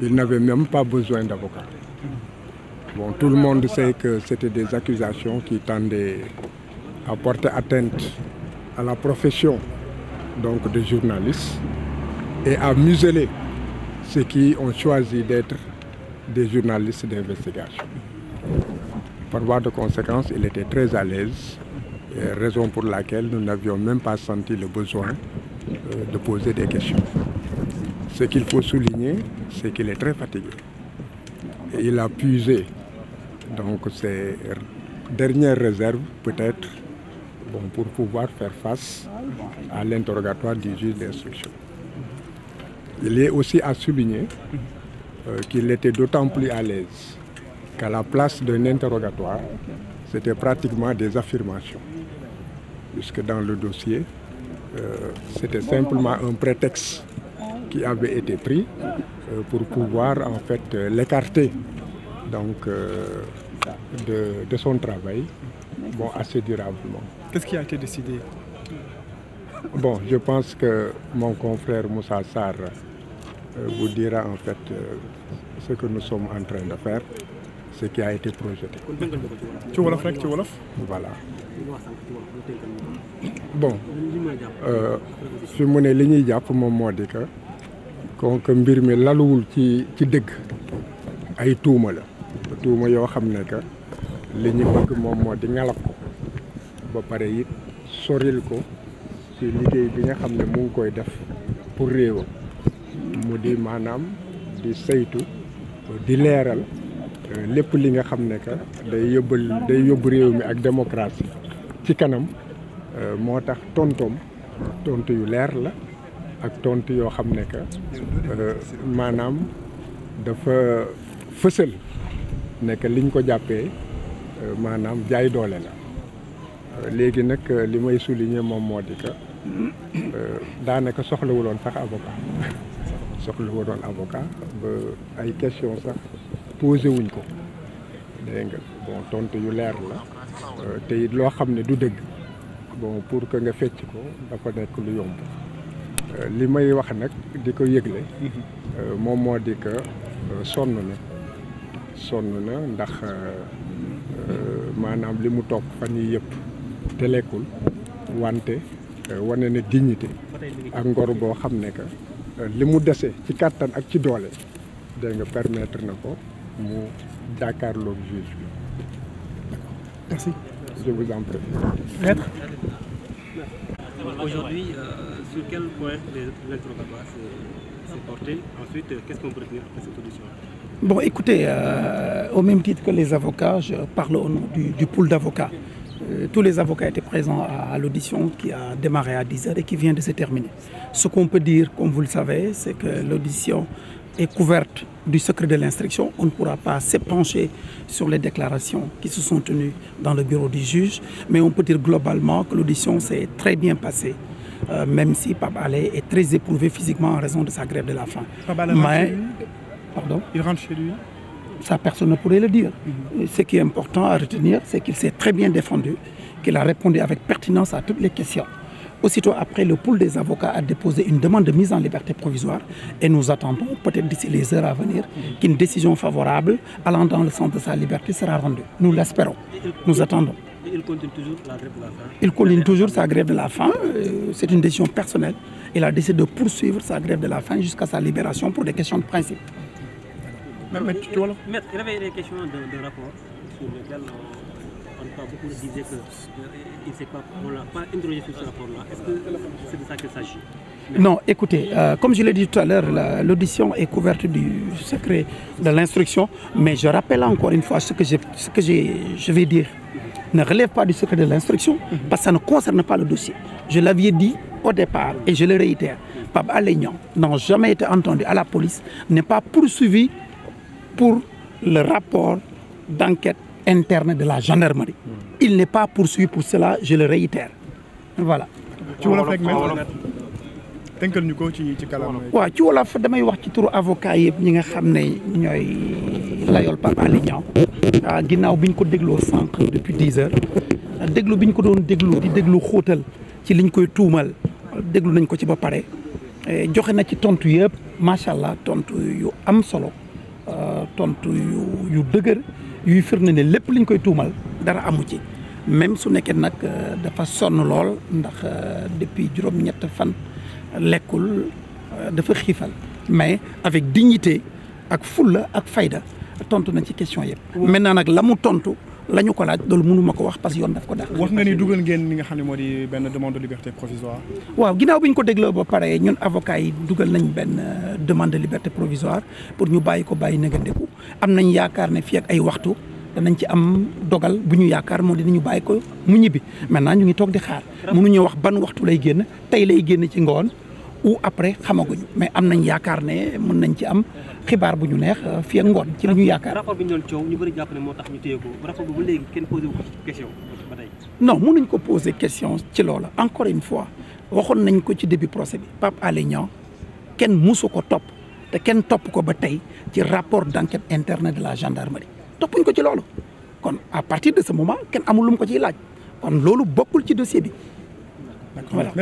Ils n'avaient même pas besoin d'avocat. Bon, tout le monde sait que c'était des accusations qui tendaient à porter atteinte à la profession donc, de journaliste et à museler ceux qui ont choisi d'être des journalistes d'investigation. Par voie de conséquence, il était très à l'aise, raison pour laquelle nous n'avions même pas senti le besoin euh, de poser des questions. Ce qu'il faut souligner, c'est qu'il est très fatigué. Et il a puisé donc ses dernière réserves, peut-être, bon, pour pouvoir faire face à l'interrogatoire du juge d'instruction. Il est aussi à souligner euh, qu'il était d'autant plus à l'aise qu'à la place d'un interrogatoire, c'était pratiquement des affirmations. Puisque dans le dossier, euh, c'était simplement un prétexte qui avait été pris euh, pour pouvoir en fait l'écarter donc euh, de, de, son travail bon, assez durablement. Qu'est-ce qui a été décidé Bon, je pense que mon confrère Moussa Sarr euh, vous dira en fait ce que nous sommes en train de faire, ce qui a été projeté. Tu vois frère, tu vois Voilà. Bon, euh, je suis mon ligne pour mon mot donc mbir mi laluwul ci ci dëgg ay tuuma la tuuma yoo xam ne que li ñu bëgg moom moo di ngalab ko ba pare it soril ko ci liggéey bi nga xam ne mu ngi koy def pour réewam mu di maanaam di saytu di leeral euh, lépp li nga xam ne que day yóbbal day yóbbu réew mi ak démocratie ci kanam euh, moo tax tontoom tontu yu leer la ak tontu yoo xam ne que euh, maanaam dafa fësal ne liñ ko jàppee euh, maanaam jaay doole la euh, léegi nag li may souligner moom moo di que daanaka soxlawuloon sax avocat soxlawuloon avocat ba ay question sax posé wuñ ko dégg nga bon tontu yu leer la te it loo xam ne du dëgg bon pour que nga fecc ko dafa nekk lu yomb Euh, li may wax nag di ko yëgle mhm. euh, moom moo di que euh, sonn na sonn na ndax maanaam li mu toog fan yi yëpp te lekkul wante wane ne dignité ak ngor boo xam ne que li mu dese ci kàttan ak ci doole dégg nga permettre na ko mu jàkkaarloog juge bi merci je vous en prie Aujourd'hui, euh, sur quel point l'interrogatoire s'est porté Ensuite, euh, qu'est-ce qu'on peut retenir après Bon, écoutez, euh, au même titre que les avocats, je parle au nom du, du pool tous les avocats étaient présents à, à l'audition qui a démarré à 10h et qui vient de se terminer. Ce qu'on peut dire, comme vous le savez, c'est que l'audition est couverte du secret de l'instruction, on ne pourra pas s'épancher sur les déclarations qui se sont tenues dans le bureau du juge, mais on peut dire globalement que l'audition s'est très bien passée. Euh, même si Pape Alé est très éprouvé physiquement en raison de sa grève de la faim. Mais pardon, il rentre chez lui. Ça, personne ne pourrait le dire. Mm -hmm. Ce qui est important à retenir, c'est qu'il s'est très bien défendu, qu'il a répondu avec pertinence à toutes les questions. Aussitôt après, le pôle des avocats a déposé une demande de mise en liberté provisoire et nous attendons, peut-être d'ici les heures à venir, qu'une décision favorable allant dans le sens de sa liberté sera rendue. Nous l'espérons. Nous attendons. Il continue toujours la grève de la faim. Il continue toujours sa grève de la faim. Euh, c'est une décision personnelle. Il a décidé de poursuivre sa grève de la faim jusqu'à sa libération pour des questions de principe. Maître, il y avait des questions de, de rapport sur lequel... Euh, en tout euh, Est-ce que non, écoutez, euh, comme je l'ai dit tout à l'heure, l'audition est couverte du secret de l'instruction, mais je rappelle encore une fois ce que, je, vais dire ne relève pas du secret de l'instruction, mhm. parce que ça ne concerne pas le dossier. Je l'avais dit au départ, et je le réitère, Pape Alignan n'a jamais été entendu à la police, n'est pas poursuivi pour le rapport d'enquête interne de la gendarmerie. Hmm. il n'est pas poursuivi pour cela je le réitère voilà. ci wolof rek ko ci ci kàllaama waaw ci wolof damay wax ci turu avocat yëpp ñi nga xam ne ñooy layool Pape Alé Niang. Ah, ginnaaw bi ñu ko dégloo sànq depuis dix heures déglu bi ñu ko doon déglu di déglu xóotal ci liñ koy tuumal déglu nañ ko ci ba pare eh, joxe na ci tontu yëpp macha allah tontu yu am solo ah, tontu yu yu dëgër. yuy fir na ne lépp liñ koy tuumal dara amu ci même su nekkee nag euh, dafa sonn lool ndax euh, depuis juróom-ñett fan lekkul euh, dafa xiifal mais avec dignité ak fulla ak fayda tontu na ci question yëpp naa nag la mu tontu lañu ko laaj loolu mënu ma ko wax parce que yoon daf ko dàq. wax nga ni dugal ngeen li nga xam ne moo di benn demande de liberté provisoire. waaw ginnaaw bi ñu ko dégloo ba pare ñun avocats yi nañ benn euh, demande de liberté provisoire pour ñu bàyyi ko bàyyi nëgëndeku am nañ yaakaar ne fii ak ay waxtu nañ ci am dogal bu ñu yaakaar moo nañu bàyyi ko mu ñibbi maintenant ñu ngi toog di xaar. mënuñu wax ban waxtu lay génn tey lay génn ci ngoon ou après xamaguñu mais am nañ yaakaar ne mën nañ ci am. xibaar bu ñu neex euh, fii ngoon ci la yaakaar. rapport bi ñu doon ne moo tax ñu téye ko rapport bi ba léegi ko question ba tey. non mënuñ ko poser question ci loola encore une fois waxoon nañ ko ci début procès bi Pape Alé kenn musu ko topp te kenn topp ko ba tey ci rapport d'enquête interne de la gendarmerie toppuñ ko ci loolu kon à partir de sa moment kenn amul lu ko ciy laaj kon loolu bokkul ci dossier bi. voilà